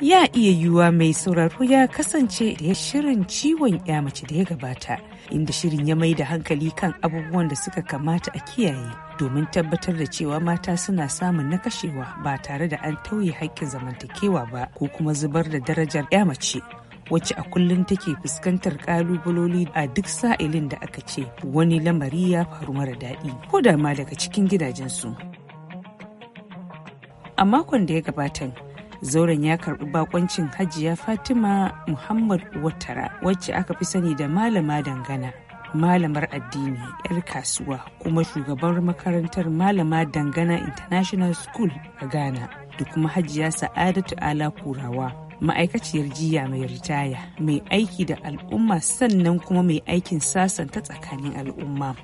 ya iya yiwuwa mai sauraro ya kasance da ya shirin ciwon ya mace da ya gabata inda shirin ya mai da hankali kan abubuwan da suka kamata a kiyaye domin tabbatar da cewa mata suna samun nakashewa ba tare da an tauye haƙƙin zamantakewa ba ko kuma zubar da darajar ya mace wacce a kullum take fuskantar ƙalubaloli a duk sa'ilin da aka ce wani lamari ya faru mara daɗi ko da ma daga cikin gidajensu. A makon da ya gabata. zauren ya karbi bakoncin hajiya fatima muhammad watara wacce aka fi sani da malama dangana malamar addini 'yar kasuwa kuma shugabar makarantar malama dangana international school a ghana da kuma hajiya sa'adatu ala kurawa ma'aikaciyar jiya mai ritaya mai aiki da al'umma sannan kuma mai aikin sasanta tsakanin al'umma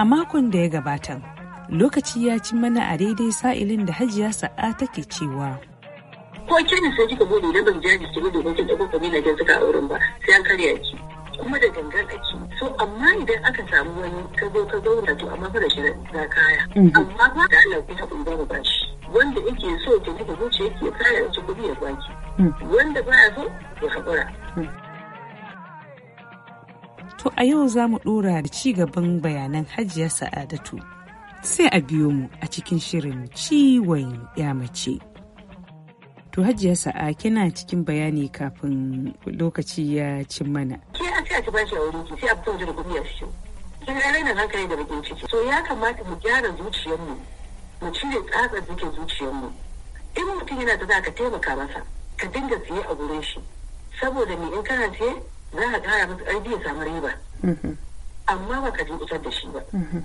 a makon da ya gabata lokaci ya ci mana a daidai sa'ilin da hajiya sa'a take cewa ko kin sai kika gode na ban jami su gode kin da kuma na jin suka auren ba sai an karya ki kuma da gangan ake so amma idan aka samu wani ka zo ka zauna to amma ba da shi na kaya mhm. amma ba da Allah ku ta ba ba shi wanda yake so ki kika zuciya ke kaya ki kudi ya baki wanda baya so ya hakura hmm. To a yau za mu ɗora da ci gaban bayanan hajiya sa'adatu sai a biyo mu a cikin shirin ciwon ya mace. To hajiya sa'a kina cikin bayani kafin lokaci ya cin mana. Sai a ce a ci bashi a ki sai a fito da kuɗi shi. Kin ga raina hankali da bakin ciki. So ya kamata mu gyara zuciyar mu mu cire tsatsar zuciyar mu. In mutum yana da zaka ka taimaka masa ka dinga siye a gurin shi. Saboda me in kana siye za ka kara masa ƙarfi ya samu riba. Mm-hmm. Amma ba ka kusa da shi ba. Mm-hmm.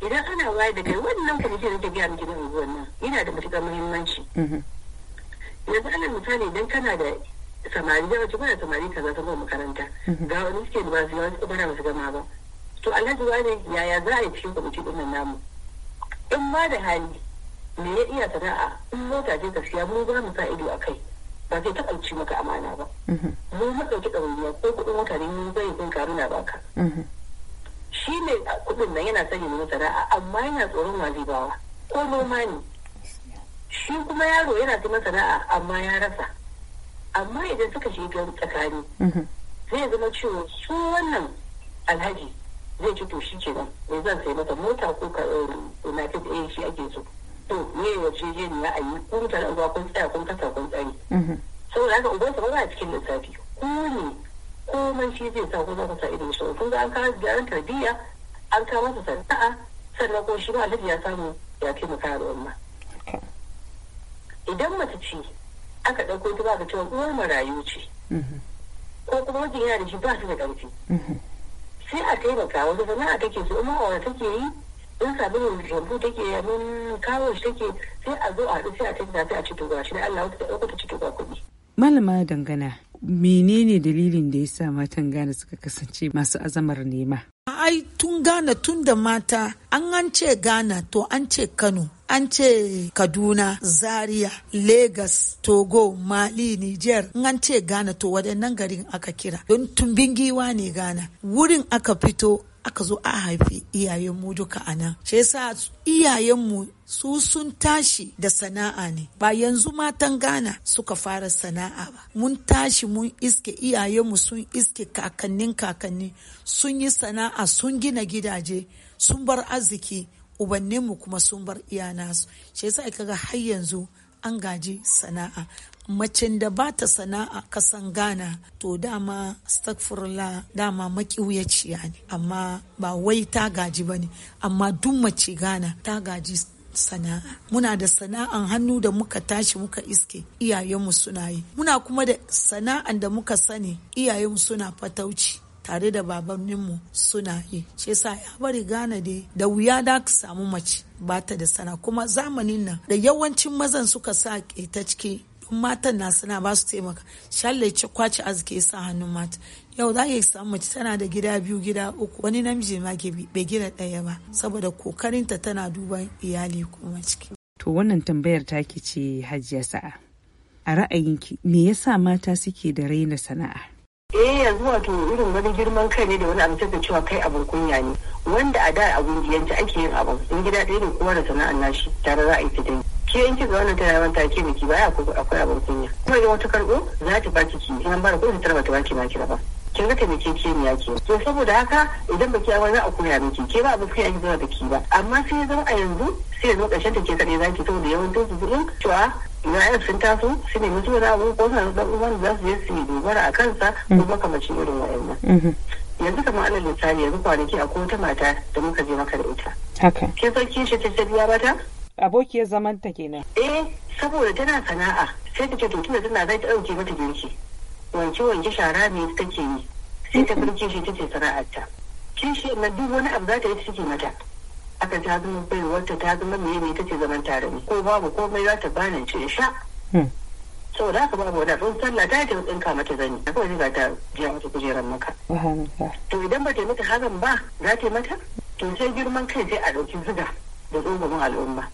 idan ana wayar da kai wannan kwamitin da gyara miki na nan yana da matuƙar muhimmanci mhm. yanzu ana misali idan kana da samari da wace bana samari za ta makaranta mhm. ga wani suke da ba yawanci yawan bana gama ba to alhaji ne, yaya za a yi cikin kwamitin ɗin namu in ba da hali me ya iya sana'a in mota ce gaskiya mu ba mu sa ido a kai ba zai ta ci maka amana ba mhm. mu mu ɗauki ɗawainiya ko kuɗin mutane mu zai kun na baka shi ne kudin nan yana sanya yin sana'a amma yana tsoron wazi bawa ko noma ne shi kuma yaro yana kuma sana'a amma ya rasa amma idan suka shiga tsakani mhm. zai zama cewa su wannan alhaji zai ci to shi ke nan ne zan sai masa mota ko ka eh, united a shi ake so to ya wace je ne ya ayi kun tare uba kun tsaya kun kasa kun tsari mhm. saboda haka ubansa ba a cikin lissafi ko ne komai shi zai sa kuma za ku shi kun ga an kawo gyaran tarbiyya an kawo masa sana'a sannan ko shi ma alhaji ya samu ya taimaka al'umma idan mace ce aka ɗauko ta ba ka cewa uwar marayu ce ko kuma mijin yana da shi ba su da ƙarfi sai a taimaka wata sana'a take su umma wanda take yi in sabon jambu take yamin kawo shi take sai a zo a haɗu sai a taimaka sai a ci tuga shi da Allah wata ta ɗauko ta ci tuga kuɗi. Malama dangana menene dalilin da ya sa matan Ghana suka kasance masu azamar nema? Ai tun Ghana tun da mata an an ce Ghana to an ce Kano. An ce Kaduna, Zaria, Legas, Togo, Mali, Niger, an ce Ghana to waɗannan garin aka kira. Don tumbin giwa ne Ghana. Wurin aka fito aka zo a haifi iyayenmu duka a nan shi yasa iyayenmu su sun tashi da sana'a ne ba yanzu matan Ghana suka fara sana'a ba mun tashi mun iske iyayenmu sun iske kakannin kakanni sun yi sana'a sun gina gidaje sun bar arziki ubanninmu kuma sun bar iya nasu shi yasa kaga har yanzu an gaji sana'a macen da ba ta sana'a kasan Ghana to dama stagfurla dama makiwuyaciya ne amma ba wai ta gaji ba ne amma duk mace Ghana ta gaji sana'a muna da sana'an hannu da muka tashi muka iske iyayenmu suna yi muna kuma da sana'an da muka sani iyayenmu suna fatauci tare da babanninmu suna yi shi sa ya bari gane dai da wuya da ka samu mace ba ta da sana kuma zamanin nan da yawancin mazan suka sa ta cikin matan na suna ba su taimaka shalle kwace arziki sa hannun mata yau za ka samu mace tana da gida biyu gida uku wani namiji ma bai gina ɗaya ba saboda kokarinta tana duba iyali kuma ciki. to wannan tambayar ta ke ce hajiya sa'a a ra'ayinki me yasa mata suke da raina sana'a eh yanzu wato irin wani girman kai ne da wani abu da cewa kai abin kunya ne wanda a da abun kungiyance ake yin abin in gida ɗaya ne kuma da sana'ar nashi tare za a yi ta ke yanki ga wannan tana yawan take miki baya akwai abin kunya kuma idan wata karbo za ta baki ki in an bara ko ta ba ta baki baki ba kin ga taimake ke ne yake to saboda haka idan baki aure za a koya miki ke ba abin kunya ki zama da ki ba amma sai ya zama a yanzu sai ya zo ƙarshen ta ke kaɗai za ki saboda yawan tozu kuɗin cewa ya'yan sun taso su ne mutum da abu ko suna da za su je su yi dogara a kansa ko mm. mace irin wa'annan mm-hmm. yanzu kamar alal misali yanzu kwanaki akwai wata mata da muka je maka da ita. Kin san kishi ta biya bata? abokiyar zaman ta kenan eh saboda tana sana'a sai ta ce to tunda tana zai ta ɗauke mata girki wanke wanke shara ne ke yi sai ta farce shi tace sana'arta kishi na duk wani abu za ta yi ta take mata aka ta zama baiwarta ta zama mai ne ce zaman tare ne ko babu komai za ta bani ce sha hmm. saboda haka babu wadda tsohon sallah ta ta tsinka mata zani Akwai kawai za ta biya mata kujerar maka to idan ba ta mata hakan ba za ta yi mata to sai girman kai sai a ɗauki ziga da tsohon al'umma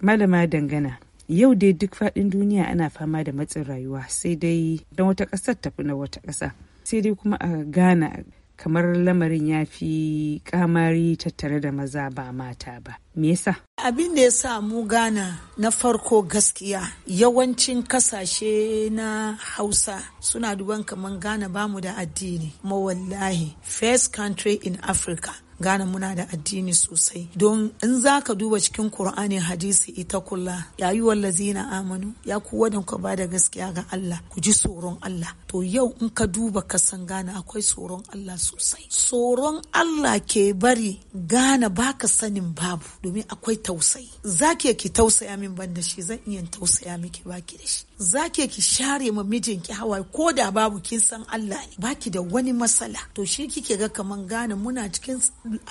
Malama dangana. Yau dai duk faɗin duniya ana fama da matsin rayuwa sai dai don wata ƙasar tafi na wata ƙasa. Sai dai kuma a gana kamar lamarin ya fi kamari tattare da maza ba mata ba. Me yasa? Abin da ya mu Ghana na farko gaskiya yawancin kasashe na Hausa suna duban kamar Ghana bamu da addini. mawallahi first country in Africa Ghana muna da addini sosai don in za ka duba cikin Kur'anin hadisi ita kulla ya yi wallazina amanu ya ku wadanka ba da gaskiya ga Allah ku ji tsoron Allah to yau in ka duba ka san Ghana akwai tsoron Allah sosai tsoron Allah ke bari Ghana baka sanin babu domin akwai tausayi ya ki tausaya min ban da shi zan iya tausaya miki baki da shi ya ki share ma mijinki hawa ko da babu kin san Allah ne baki da wani matsala. to shi kike ga kaman Ghana muna cikin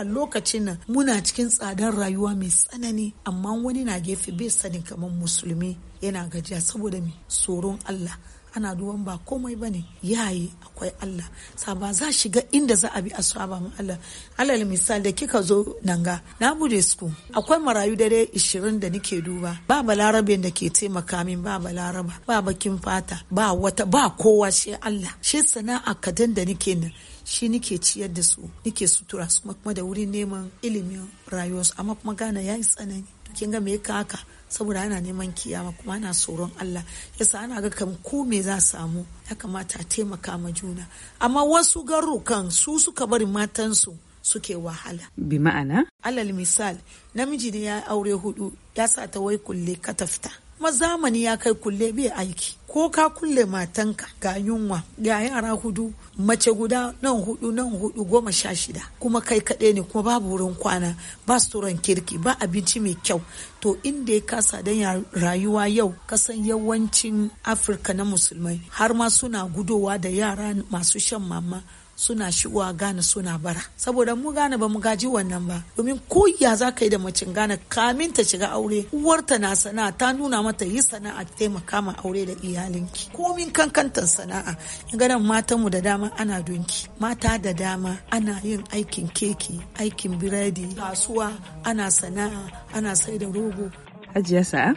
a lokacin nan muna cikin tsadar rayuwa mai tsanani amma wani na gefe bai sani kamar musulmi yana gajiya saboda mai tsoron Allah ana duban ba komai bane yayi akwai Allah sa ba za shiga inda za a bi a saba mu Allah alal misali da kika zo nan ga na bude su akwai marayu dare 20 da nike duba ba balarabe da ke taimaka min ba balaraba ba bakin fata ba wata ba kowa shi Allah shi sana'a kadan da nake nan shi nike ciyar da su nike sutura su kuma da wurin neman ilimin rayuwarsu amma kuma gana ya tsanani kin ga me ka haka saboda ana neman kiyama kuma ana tsoron Allah yasa ana ga kam ko me za samu ya kamata taimaka ma juna amma wasu garrukan su suka bari matansu suke wahala. Bi ma'ana? Alal misal namiji ne ya aure hudu ya sa ta wai kulle ka tafta. kuma zamani ya kai kulle bai aiki ko ka kulle matanka ga yunwa ga yara hudu mace guda nan hudu nan hudu goma sha shida kuma kai kaɗai ne kuma babu wurin kwana ba su ran kirki ba abinci mai kyau to inda ya kasa don rayuwa yau kasan yawancin afirka na musulmai har ma suna gudowa da yara masu shan mama suna shigowa gana suna bara saboda mu gane ba mu gaji wannan ba domin ko ya za ka yi da macin gane kamin ta shiga aure uwarta na sana'a ta nuna mata yi sana'a taimaka ma aure da iyalinki komin kankantar sana'a ganin matan mu da dama ana dunki mata da dama ana yin aikin keke aikin biredi kasuwa ana sana'a ana sai da rogo Hajiya sa'a?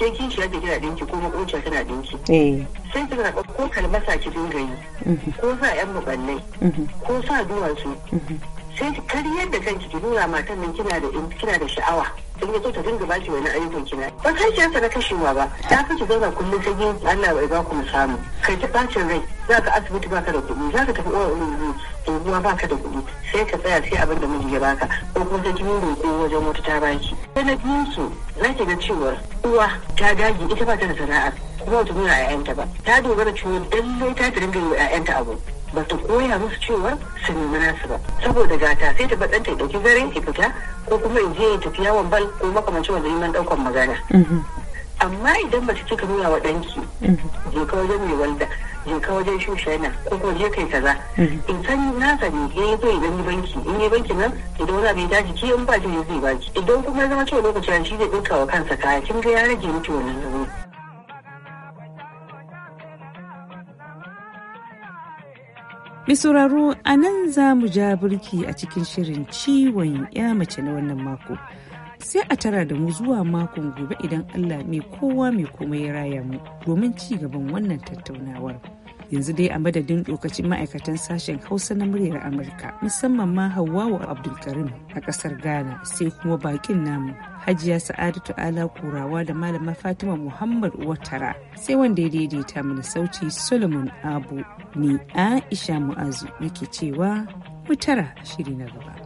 ke kishiya ke kina dinki ko makociya tana dinki sai ki ko kalmasa ki dinga yi ko sa yan muballai ko sa duwatsu sai ki karyar da kanki ki nuna matan nan kina da kina da sha'awa in yazo ta dinga baki wani ayyukan kina ba sai ki na kashewa ba ta fi ki zauna kullum sai yin Allah bai ba ku samu kai ta bacin rai za ka asibiti ba ka da kuɗi za ka tafi ba ka da kuɗi sai ka tsaya sai abin da miji ya baka ko kuma sai kin roƙo wajen wata ta baki sai na biyun su na cewa uwa ta dage ita ba ta da sana'a kuma ta nuna 'ya'yanta ba ta dogara cewa lallai ta ta dinga yi wa abu ba ta koya musu cewa su nemi nasu ba saboda gata sai ta baɗan ta ɗauki zare ki fita ko kuma in je ya tafi yawon bal ko makamancin wanda neman ɗaukan magana mhm. amma idan ba ta cika nuna wa ɗanki mhm. je ka wajen mai walda in ka wajen shushe na ko kuma je kai kaza mm. in san na sani ya yi zai gani banki in yi banki nan idan wani abin daji ke in ba ji zai ba ki idan kuma zama cewa lokacin shi zai ɗauka wa kansa kaya kin ga ya rage miki wannan nauyi. Mai sauraro a nan za mu ja burki a cikin shirin ciwon ya mace na wannan mako. sai a tara da mu zuwa makon gobe idan Allah mai kowa mai komai ya raya mu domin ci gaban wannan tattaunawar. Yanzu dai a madadin lokacin ma'aikatan sashen Hausa na muryar Amurka musamman ma wa Abdulkarim a kasar Ghana sai kuma bakin namu Hajiya Sa'adatu Ala Kurawa da Malama Fatima Muhammad Watara sai wanda ya daidaita mana sauti Solomon Abu ni Aisha Mu'azu nake cewa mutara shiri na gaba.